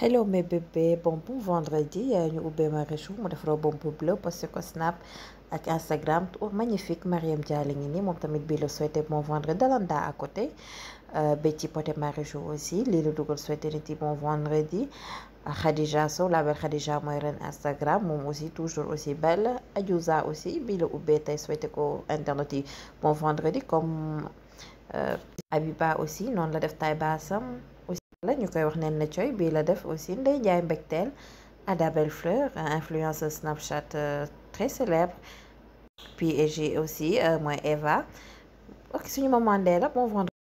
hello mes bébés bon bon vendredi yaay euh, ñu ubbee Marichou mu def robom bu bleu posté ko snap ak Instagram magnifique Mariam Diallo ngi nii moom tamit bii la souhaité bon vendredi dalanda à côté euh, Betty Poté Marichou aussi lii la dugal souhaité nit yi bon vendredi Khadija Sow la belle mooy ren Instagram moom aussi toujours aussi belle Adjouza aussi bii la ubbee tey souhaité ko internet yi bon vendredi comme euh, Abiba aussi noonu la def tay baasam la ñu koy wax neen na coy bii la def aussi Ndeye Ndiaye Mbecteel Ada Bellefleur euh, influenceuse Snapchat euh, très célèbre puis j'ai aussi euh, mooy Eva ok suñu maman Ndeye la bon vendredi